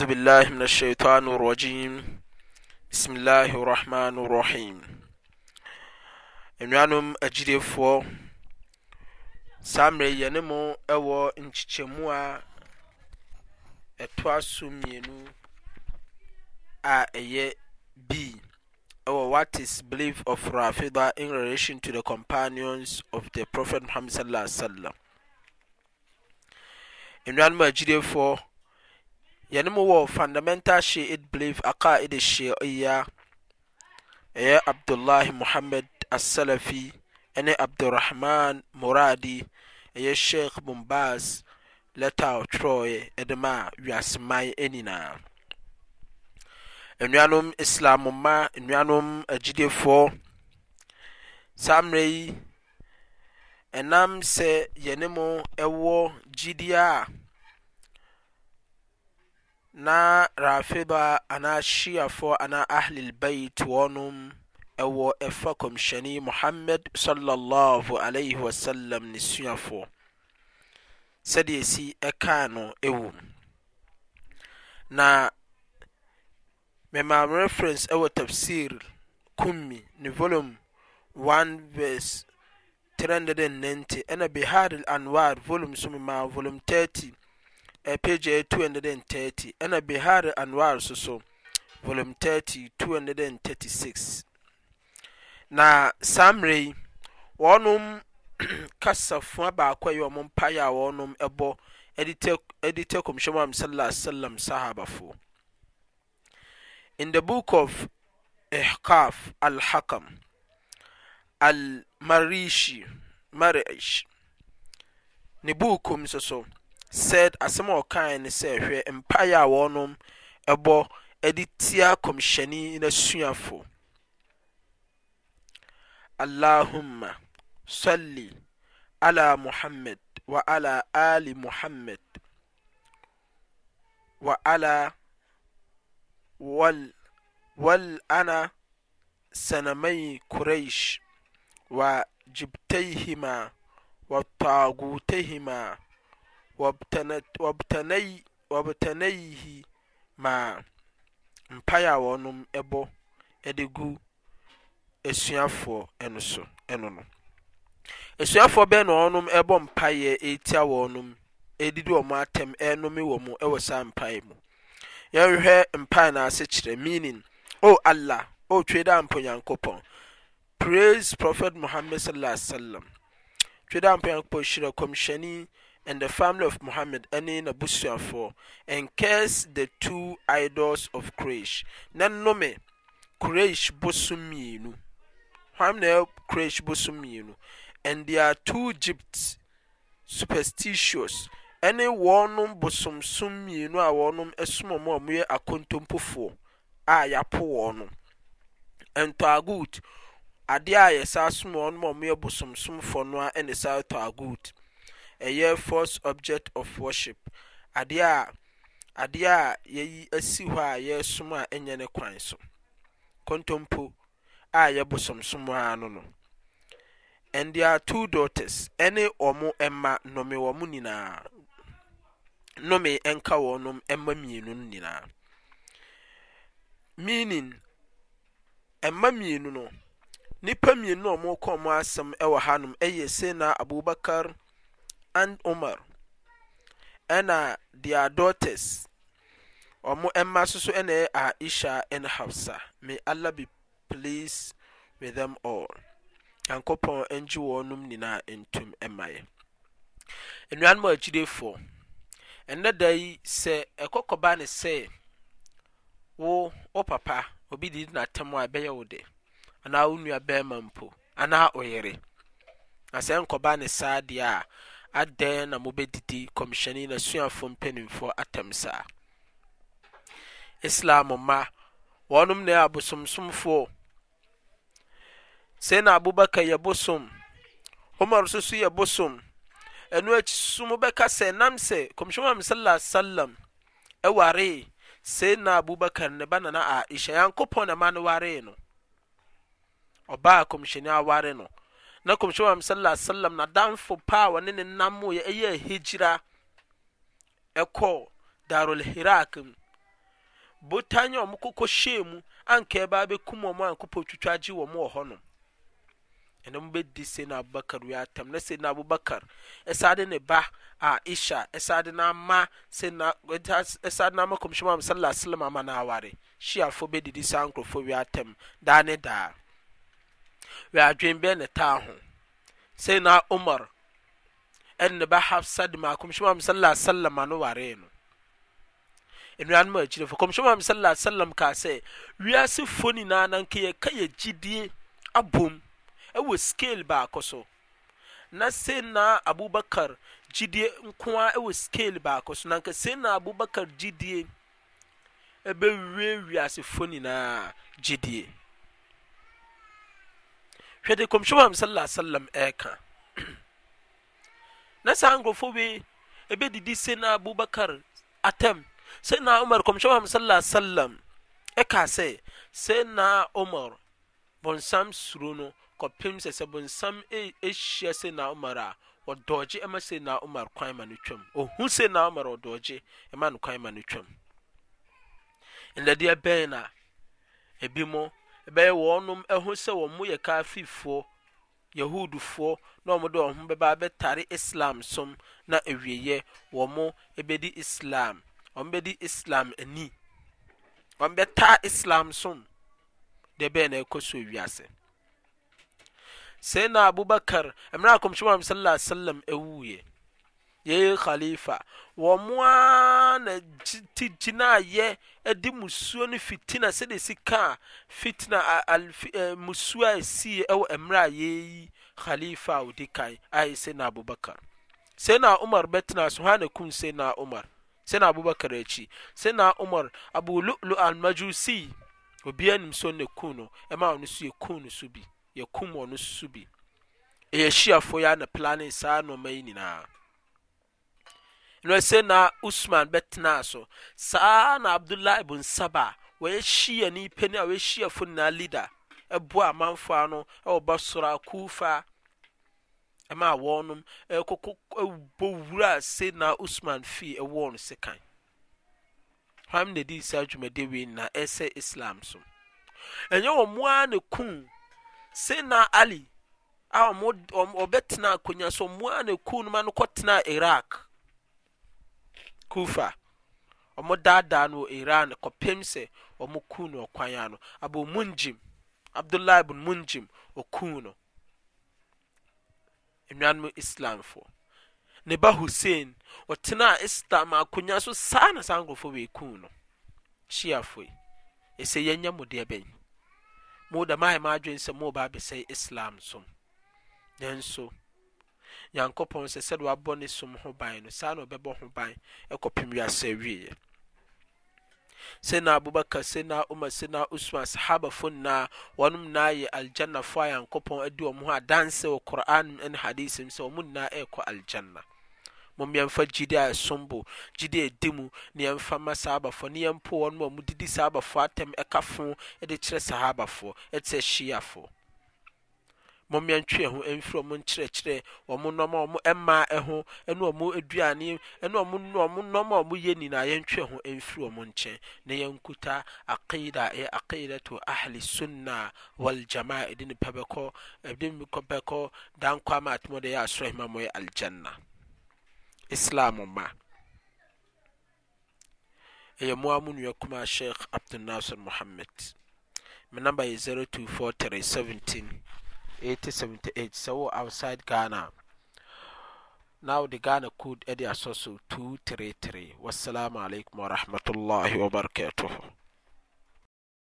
sbilah min ashitan ragim bsmilah rahman rahim nnanm agyidefoɔ sa mmerɛyine mo wɔ nkyekyɛmu a toasommieu a ɛyɛb wɔ what is blief of rafida in relation to the companions of the prohet mohammed s salem nnm agyidefoɔ yɛne mu wɔ fundamental shi'id belief shi iya ɛyɛ abdullah muhammad asalafi ɛne abdurrahman muradi ɛyɛ sheikh bumbaz leta a ɔtwerɛɛ ɛde ma wiaseman nyinaa nnuanom islam ma nnuanom agyidefoɔ saa mmerɛ yi ɛnam sɛ yɛne mu ɛwɔ gyidie a na rafeba ana syiafo ana ahlelbait wɔnom ɛwɔ ɛfa comsyani muhammed swslam ne suafoɔ sɛdesi ka nɔ wom mema reference ɛwɔ tafsir kumi ne volume 1vs3090 ɛna bihar l anwar volume so mema volume 30 Eh, pag 230 eh, ɛna bihare annoar so so volume30236 na samerei wɔnom kasafo abaakɔ yi wɔ mompayɛ a wɔnom ɛbɔ di tekɔmhyɛ moham saala salam sahabafo in the book of ihkaf alhakam almarisimariish ne buukum so so sd asɛm wɔka ne sɛ ɛhwɛ mpa yɛ a wɔ nom ɛbɔ ade tia comsyɛnii nasuafo allahumma sali ala muhamad wa ala li mohammad wawlana sanamayi kuraish wa jibtaihima watagotahima wɔbtanayihi ma mpaeɛ a wɔnom bɔ de gu asuafoɔ no so no no asuafoɔ bɛn na wɔnom bɔ mpaeɛ retia wɔnom didi wɔn atam renome wɔn wɔ saa mpaeɛ mu yɛnhwɛ mpaeɛ no ase kyerɛ meaning oh allah oh twe da mponyankopɔn praise prophet muhammad sallallahu alaihi wasallam twe da mponyankopɔn hyerɛ kɔmhyɛni the family of mohamad ne nabosuafoɔ ncarse the two idols of kourash ne nnome kourash bosomminun kurah bomn n te ar two gypt superstitious newɔnom bosomsom mmienu aɔnom smamu amoyɛ akontompofoɔ a yapoɔ no ntagot adeɛa yɛ sa somɔnm amyɛ bosomsomf no a ne sa tagoot ɛyɛ first object of worship adeɛ a adeɛ a yɛyi asi hɔ a yɛresom a ɛnyɛ ne kwan so kontompo a yɛbosomsom a no no and their two daughters ɛne wɔn mma nnome wɔn nyinaa nnome ɛnka wɔn mma mmienu nyinaa meaning mma mmienu no nipa mmienu a wɔrekɔ wɔn asɛm wɔ hanom yɛ sena abubakar and Umar ɛna their daughters wɔn mma soso so ɛna ɛyɛ Aisha and Hafsa may Allah be pleased with them all nyankopɔn ngye wɔn nyinaa ntum mma yɛ nnuanom a akyirefoɔ ɛnna da yi sɛ ɛkɔkɔba ne sɛ wo wo papa obi di n'atam a ɛbɛyɛ wo de anaa wo nua bɛrima mpo anaa ɔyere na sɛ nkɔba ne saa deɛ a adɛn na mobɛdidi kɔmhyɛne n'asuafoɔ mpanimfoɔ atam saa islam ma wɔnom na yɛ abosomsomfoɔ sɛ na abubakar yɛ bosom umar nso so yɛ bosom ɛno akyi so mobɛka sɛ nam sɛ kɔmhyɛn mu sallallahu alaihi wasallam ɛware na abubakar ne ba nana aisha yankopɔn na ma no ware no ɔbaa kɔmhyɛni aware no na kɔmhyɛ wa sallallahu alaihi na danfo pa a wɔne ne nam yɛ ɛyɛ hijira ɛkɔ darul hirak mu botan a ɔmo kɔkɔ hyɛn mu anka ɛbaa bɛkum wɔn a nkɔpɔ twitwa wɔ wɔn wɔ hɔnom ɛnam bɛdi se na abubakar wi atam na se na abubakar ɛsaade ne ba aisha ɛsaade n'ama sɛ na ɛsaade n'ama kɔmhyɛ wa sallallahu alaihi salam ama n'aware hyiafo bɛdidi saa nkurɔfoɔ wi atam daa ne daa. adwen bɛ ne taa ho sai na umar ɛn ne ba hafsa de ma kɔmhyɛ mu sallallahu alaihi wasallam ano ware no nnuanom akyirefo kɔmhyɛ mu sallallahu alaihi wasallam kaa sɛ wiasefo nyinaa nankeyɛ ka yɛ gyidie abom ɛwɔ scale baako so na na abubakar gyidie nkoa a ɛwɔ scale baako so nanka na abubakar gyidie ɛbɛwie wiasefo nyinaa gyidie hwɛ de kɔmhyɛm sallallahu alaihi wasallam ɛka na saa nkurɔfoɔ bi ɛbɛdidi se na abubakar atam sɛ na umar kɔmhyɛm sallallahu alaihi ɛka sɛ sɛ na umar bɔnsam suro no kɔpem sɛ sɛ bɔnsam ɛhyia e, sɛ na Omar a ɔdɔɔgye ɛma se na Omar kwan ma no twam ohu sɛ na Omar ɔdɔɔgye ɛma no kwan ma no twam ndɛdeɛ bɛn na ebi mo bɛyɛ wɔnom ho sɛ wɔ mo yɛ ka fifoɔ yahudfoɔ na ɔm de ɔ ho bɛba bɛtare islam som na awieɛ wɔ mo bɛdi islam ɔm bɛdi islam ani ɔm bɛta islam som deɛ ɛbɛyɛ na ɛkɔso ewiase sei na abobakar mmerɛ akomkwom aam salal salm wuɛ y halifa wɔ moa na ti gyinaayɛ de musuo no fitina sɛde si kaa fitiamusuoasi wɔ merɛ a yeyi halifa a odi kan ɛ sdna abobakar sdna omar bɛtena so hana kum sdnamr sna abobakar akyi sdna mar abololo almajusi obi nim sonnku no ma nykum no s bi ya hyiafo yna planing saa noma ynyiaa ɛsɛ na usman bɛtena so saa na abdullah ibn saba wɔyɛ hyia ne pɛni a wɔyɛ hyiafo nyinaa leader ɛboa amanfoɔ ano ɛwɔ basra kufa ɛma wɔnom ɛkɔkɔ ɛbɔ wura se na usman fii ɛwɔ no sekan hwam na di saa dwumadi wei na ɛsɛ islam so ɛnyɛ wɔn mmoa ne kun se na ali a wɔn ɔbɛtena akonnwa so mmoa ne kun no ma no kɔtena iraq kofa ɔmodada n ɔ iran kɔpemsɛ ɔmo ku n ɔkwanan ab munim abdulahbn mungim ɔku n nnm islamfɔ ne ba hosein ɔtena islamako nya so saa na sa nkrɔf bɛiku n siafi ɛsɛ yɛnyad ɛn mu damama we sɛ mobabɛsɛ islam som nyankopɔn sɛ sɛde wabɔ ne som ho ban no saa na ɔbɛbɔ ho ban ɛkɔpem wiase awieɛ sena abubakar sena umar sena usman sahabafo nyinaa wɔnom nyinaa yɛ aljannafo a nyankopɔn adi wɔn ho adanse wɔ koran ne hadisi mu sɛ wɔn nyinaa ɛrekɔ aljanna mom yɛmfa gyidi a ɛsom bo gyidi a ɛdi mu ne yɛmfa ma sahabafoɔ ne yɛmpo wɔn mu a wɔdidi sahabafoɔ atɛm ɛka fo de kyerɛ sahabafoɔ ɛte sɛ hyiafoɔ mommɛntwe ho mfiri ɔmo nkyerɛkyerɛ ɔmo nneɛma ɔmo mmaa ɛho ɛne ɔmo aduane ɛne ɔmo ɔmo nneɛma ɔmo yɛ nyinaa yɛntwe ho mfiri ɔmo nkyɛn na yɛnkuta akeeda ɛyɛ akeeda to ahli sunna wal jamaa ɛde nipa bɛkɔ ɛde nipa bɛkɔ dankwa ama atomɔ de yɛ asorɔ hima mo yɛ aljanna islam ma ɛyɛ eh, mo amu nua kuma sheikh abdul nasir muhammad my number is 024317 8078 So outside ghana now the ghana code ɛde asɔ 233 wassalamu alaikum warahmatullahi wabarakatuhu